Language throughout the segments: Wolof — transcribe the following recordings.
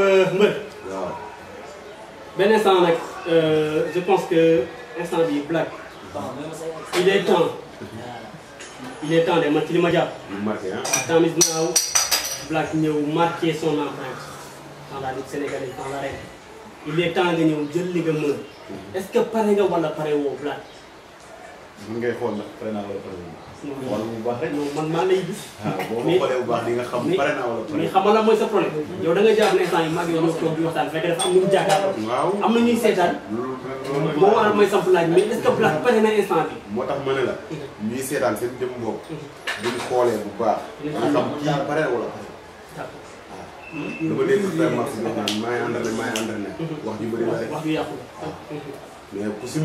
mbër. waaw. benn instant euh, je pense que instant bi blague. il est temps. il est temps de man ci li ma jàpp. mu marqué ah. Tamiz Naaw Black ñëw marqué son empreinte dans la lutte sénégalaise dans l'arène. il est temps nga ñëw jël li nga mën. Mm-hmm. est-ce que pare nga wala pare woo Black. mën ngay xool ndax pare naa wala pare baax rek man maa lay gis. Ah, boo ma xoolee baax di nga xam pare naa wala pare. mais xam nga lan mooy sa problème. yow da nga jàpp ne instant yii mag yow ñoo am na ñuy seetaan. loolu moo waral mooy samp laaj mais est ce que place pare na instant bi. moo tax ma ne la. ñuy seetaan seen jëm bopp. buñ xoolee bu baax. nga xam kii pare wala pare. dama dégg vraiment si ñoom naan maa ngi entraîné maa ngi entraîné. wax ju bëri la rek wax ju yàqu mais ku si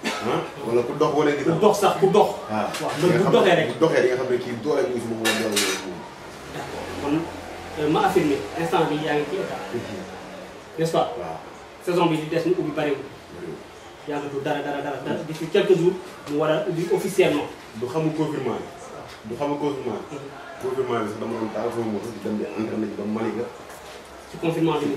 Hein? wala ku dox wala ku dox sax ku dox. Ah. waaw bu doxee rek bu doxee nga xam ne kii doole bi moom la doole moom. d'accord kon euh, ma affirmé instant bi yaa ngi ci état. n'est-ce pas. waaw saison bi di des ñu ubbi bariwul. yàlla du dara dara dara dara depuis quelques jours mu war a ubbi officiellement. du xamul confinement du xamul confinement bi. Mm-hmm. bi sax dama doon taal sama moto dem di entraîné ba Maliga. ci confinement bi ci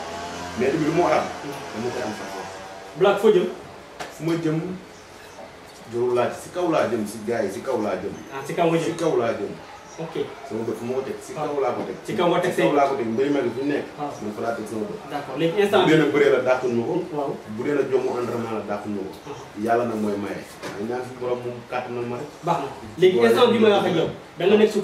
mais dugub bi moo am. dama koy am sax Black foo jëm. fu ma jëm jooru laa si kaw laa jëm si gars yi si kaw laa jëm. Ah, si kaw nga kaw laa jëm. ok sama bët fu ma ko teg si ah. kaw laa ko teg. si kaw nga teg si kaw laa ko teg mbéy mel ni fu ñu nekk. waaw ah. fa laa teg sama bët. d' léegi instant bu dee nag bëree la dàqul ma bu dee nag jommu entraînement la dàqul yàlla nag mooy maye. waaye ñaan si borom moom kàttan ma rek. baax na léegi instant bi ma wax ak yow da nekk sous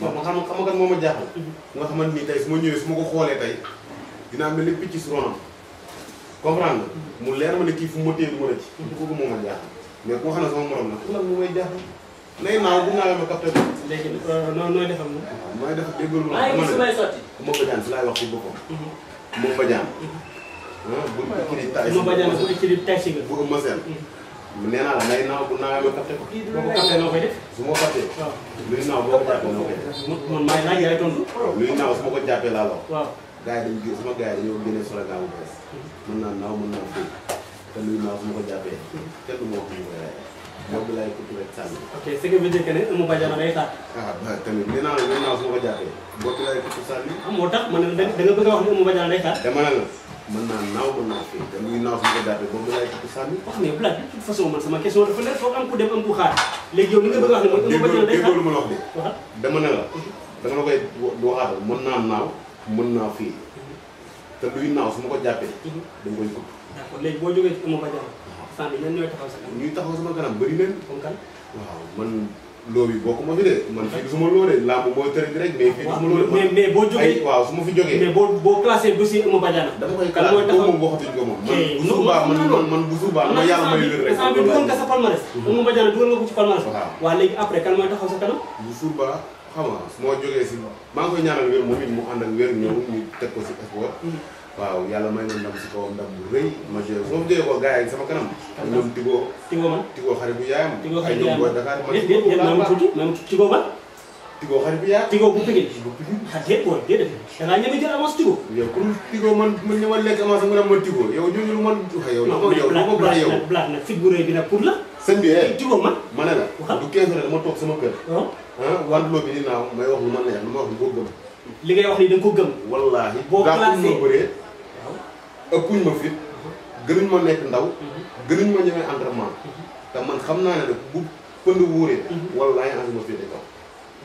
moom ma xam xam nga moo ma jaaxal. Mhm. nga xamante ni tey su ma ñëwee su ma ko xoolee tey dinaa mel ni picc su ronam comprendre nga. Mhm. mu leer ma ne kii fu ma téye du ma rëcc. Mhm. kooku moo ma jaaxal mais ku ma xam ne sama morom la ku la mu may jaaxal. nay naaw bu naawee ma capté ko. léegi euh, noo nooy defam na. waaw mooy def déggul ma. maa ngi gis may sotti ma ne ma bajaan si laay wax ci boppam. ma bajaan. ah bu ma bajaan bu ma bajaan bu ma seen. nee naa la nay naaw bu naawee ma capté ko. boo ko capté noo koy def. su ma capté. waaw luy naaw boo ko jàppee noo koy def. man maay laaj yaay tontu. luy naaw su ma ko jàppee laa la waaw gars yi dañu gis sama gars yi dañoo génne slogan bu bees. Hmm. mën naa naaw mën naa fóot te luy naaw su ma ko jàppee. kenn du ma wax ni ma koy laaj. moom bi laay tudd rek sànni. ok ce qui veut dire que ne mu bañ a na day taat. ah ba tamit nee naa la luy naaw su ma ko jàppee. boo bi laay tudd sànni. ah moo tax man da nga bëgg a wax ne mu bañ a na day taat. dama ne la. mën naa naaw mën naa fee te muy naaw suñu ko gàddee boobu laay tukki sànni. de toute façon man sama question dafa leer foog am ku dem am ku a wax ne ma la wax dama ne la dama la koy waxaatal mën naa naaw mën naa fee mhm. te luy naaw su ma ko jàppee. Mhm. dañ koy gudd. d'accord léegi boo jógee ci ëmb bëccëg sànni ñan ñooy taxaw sa kanam. ñuy taxaw sama kanam bëri nañ. comme kan waaw man. loo bi bokk ma fi de man fii gisuma loo de làmb mooy tërëj rek mais fii gisuma loo mais boo jógee waaw su ma fi jógee mais boo boo classé dossier Eumeu Badiane dama koy classé boobu moom waxatuñ ko moom man eh, bu subaa man man man bu subaa ma yàlla may wér rek dugal nga sa palmarès Eumeu Badiane dugal nga ko ci palmarès waaw léegi après kan mooy taxaw sa kanam bu subaa xam nga moo jógee si maa ngi koy ñaanal wér moom it mu ànd ak wér ñëw ñu teg ko si sport waaw yàlla may na ndam si kawam ndam bu rëy ma jël moom jógee ko gars yi sama kanam ñoom tigoo tigoo man tigoo xarit bu yaayam ay ñoom booy Dakar man tigoo man tigoo xarit bu yaayam tigoo bu pigé da ngaa ñeme jël avance tigoo yow pour tigoo man man ñëwal lekk avance nga ne ma tigoo yow nag fit bu rëy bi nag pour la sëñ bi eh jugóom ma ma ne la du 15 heures dama toog sama kër oh. ah wante loo bi di naaw may wax lu ma neex lu ma wax lu ko gëm li ngay wax nii da ko gëm wallaahi boo classé ma bëree ëppuñ ma fit uh-huh. gënuñ ma nekk ndaw uh-huh. gënuñ ma ñemee entraînement uh-huh. te man xam naa ne de bu pënd wuuree wallaahi ansi ma féete kaw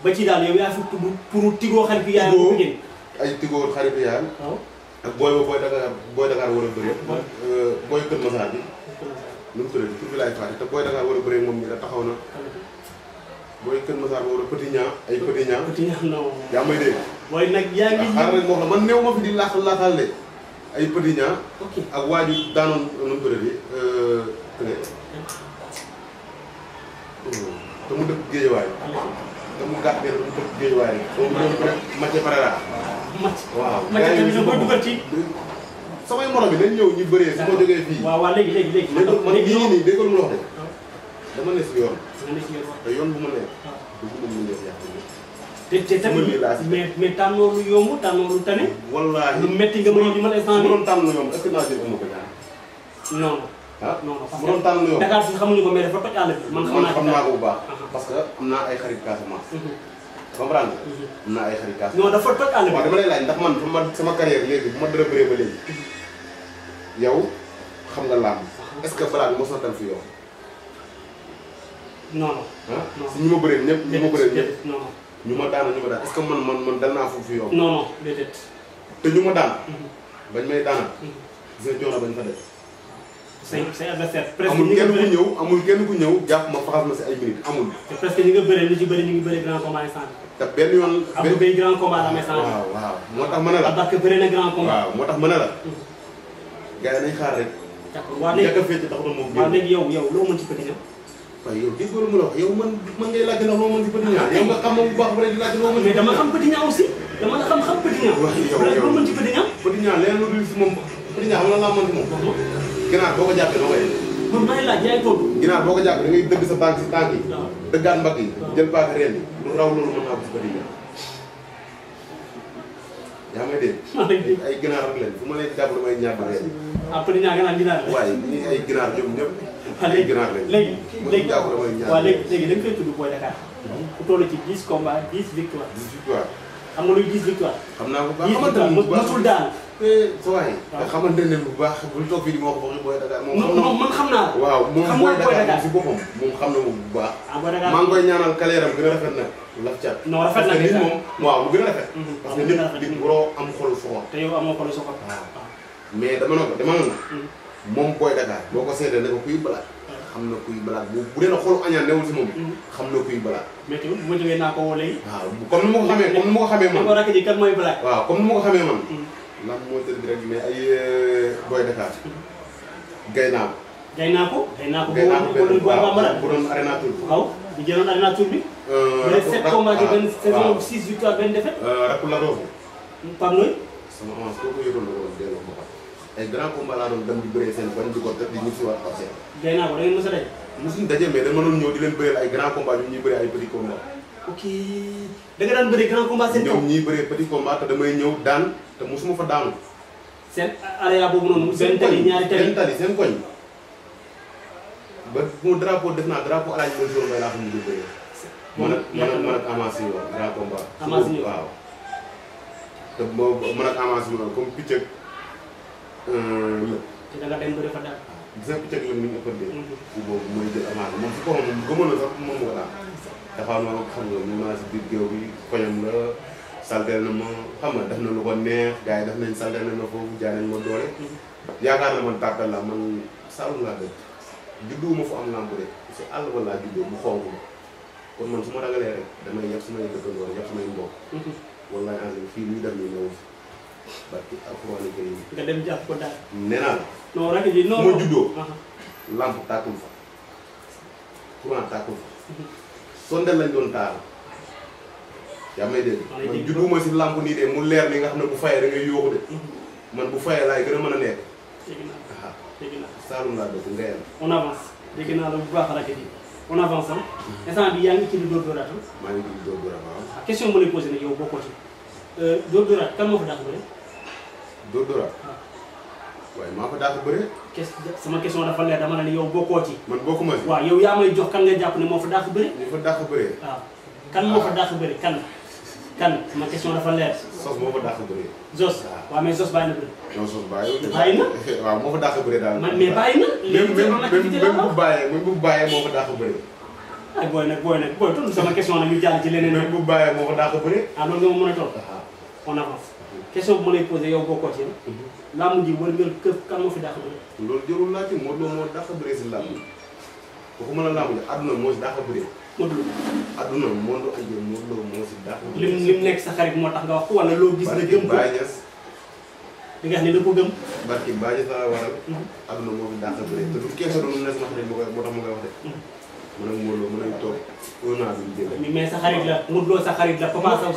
ba ci daal yaa fi tudd pour tigoo xarit bi yaay ko jël ay tigoo xarit bi yaay oh. ak booy ba booy Dakar booy Dakar war a bëri euh, booy Kër Masaar bi nu mu tuddati tur bi laay fàtte te booy Dakar war a bëree moom mi la taxaw na. booy Kër Masar war a Petit Niang ay Petit Niang. Petit Niang non. yaa may dégg. mooy nag yaa ngi. moo xam man néew ma fi di laaxal laaxal de ay Petit Niang. ok ak waa ji daanoon nu mu tuddati euh, te mu dëkk Géejawaay. te mu gàtt ngeen mu dëkk Géejawaay. moom mu doon rek Mathieu Parera. waaw. Mathieu tamit nag boo dugal ci. samay morom bi dañ ñëw ñu bëree su ma jógee fii. waaw waaw léegi léegi léegi. léegi man nii déggal mu te yoon ma nee. dugub bi mu nekk mais mais tànnoo lu yomb tànnoo lu tane. wallaahi lu metti nga mën a mën a échangé. mënoon tànn lu yomb est-ce que naa ko ñaar. non ah? non. ah ko man ko baax uh-huh. parce que am naa ay xarit Casamance uh-huh. comprendre nga. Mhm. na ay xaritaas. non dafa toj àll dama lay laaj ndax man ma sama carrière léegi bu ma dara bëree ba léegi mhm. yow xam nga laa est-ce que balaa bi mosoo dal fi yow. non non. ah si ñu ma bëree ñëpp ñu ma bëree ñëpp. ñu ma daana ñu ma daan est-ce man man man dal naa foofu yow. te ñu ma daan. Mhm. bañ may daana. gis nga coono bañ fa def. say say adversaire presque amul kenn ku ñëw amul kenn ku ñëw jàpp ma faxas ma si ay minutes amul. te presque ñi nga bëree lu ci bëri ñu ngi bëri grand combat yi sànq. te benn yoon. amul benn grand combat amee sànq. waaw waaw moo tax mën a la. ab barke bëri na grand combat. waaw moo tax mën a la. Mm-hmm. gars yi nañ xaar rek. d' accord waaw léegi ñàkk a féete taxul moom. waaw léegi yow yow loo mën ci petit ñëw. waaw yow dégg nga lu mu la wax yow man ginaar boo ko jàppee noo koy def. man maay laaj yaay tontu. ginaar boo ko jàppee da ngay dëgg sa tànk si tànk yi. waaw dëggaat mbagg yi. jël paaka reen yi lu raw loolu mën naa ko si bëri yi. yaa may dégg. ay ginaar ak leen fu ma leen jàpp damay ñaar ba reen. après ñaar ginaar ginaar la. waaye ñii ay ginaar ñoom ñëpp. ay ginaar lañ. léegi léegi waaw léegi léegi da nga koy tudd Boy Dakar. Hmm? ku toll ci 10 combats 10 victoires. 10 victoires. xam nga luy 10 victoire. xam naa ko baax xamante ne bu baax 10 victoire mosul daal. Eh, waaw nga xamante ne bu baax bul toog fii di ma wax waxi Boy moom xam naa waaw moom Boy Dakar si boppam moom xam na moom bu baax. Ah, maa ngi koy ñaanal kaleeram gën a rafet nag. laf cat non rafet na nit moom waaw bu gën a rafet. Mm-hmm. parce que nit nit xol soxor. te yow amoo xol soxor. waaw mais dama ne ko dama ne ko. Mm-hmm. moom boo ko seetee ne ko kuy balaat. Mm-hmm. xam na kuy balaat bu bu dee na añaan newul si moom mm-hmm. xam na kuy balaat mais tamit bu ma jógee naa ko woo léegi waaw comme ni ma ko xamee comme ni ma ko xamee man ko rakk ji kan mooy balaat waaw comme ni ma ko xamee man mm-hmm. lan moo tëdd rek mais ay euh, booy Dakar mm-hmm. gay naa ko gay naa ko gay naa ko boo doon booy bambara bu doon bu jëloon arena bi euh, sept combats yi benn saison six victoire benn défaite euh, rakku la doofu Pape Ndoye sama avance boo ko yoroon la woon delloo ko ay grand combat laa doon dem di bëree di ko di ñib si waat passé. gay ko da ngeen mos a daje. mais dama ñëw di leen bëreel ay grand combat ñun ñuy bëree ay petit combat. ok da nga daan bëree grand combat seen kaw. ñoom ñuy petit combat te damay ñëw daan te mosuma fa daanu. seen area boobu noonu. seen tali ñaari tali seen tali seen koñ. ba mu drapeau def drapeau jour may xam grand combat. te ak comme te da nga dem ba dafa daal. gis nga cëg la mm-hmm. jël amaana moom su ko moom gëmoon na mu naa si biir géew bi koñam la saltel ma xam nga def na lu ko neex gars yi def nañ na ma foofu jaay nañ ma doole. Mm-hmm. yaakaar na man tàppal la man Saalum laa dëkk judduwuma fu am lamb rek si àll ba laa juddoo mu xonk ma kon man su ma ragalee rek damay yab samay dëkkandoo yab samay mbokk. Mm-hmm. wallaay en fii luy dem nii ñëw barki alxuraan karim nga dem jàpp ko daal. nee naa la. non rakk ji non ma juddoo. lamp tàkkul fa. courant tàkkul mhm. lañ doon taal. yaa may dégg mu leer ni nga xam ne bu fayee da ngay yóoxu de. Mhm. man bu mën a nekk. dégg naa la dégg naa la naa la bu baax rakk ji on mhm. yaa ngi ci lu dóor dóoraat maa ngi ci lu dóor dóoraat ah, question bu lay posé nag yow euh, moo fa dóor dóoraat waaye maa fa daa ko bëree. sama question dafa leer dama ne ni yow bokkoo ci. man bokkuma ci waaw yow yaa may jox kan nga jàpp ne moo fa daa ko bëree. ñu fa ko bëree. waaw kan dafa leer. sos moo fa daa ko bëree. jos waaw mais jos bàyyi na bëri. non sos bàyyi. bàyyi na waaw moo fa daa ko na. léegi même même bu bàyyee même bu bàyyee moo fa daa ko bëree. ay booy moo fa daa ah, a tontu. question bu ma lay posé yow bokkoo ci mhm. làmb ji wër ngeen këf kan moo fi dàq bëri. loolu jarul laajte moo dàq moo si dàq bëri. Modou Lo àdduna moo loo gis. la gëm ko li da ko gëm. barki baaje sa waral. Mhm. àdduna moo fi dàq bëri du question mhm. a a toog un an bi mais sa xarit la Modou Lo sa xarit la Papa Sow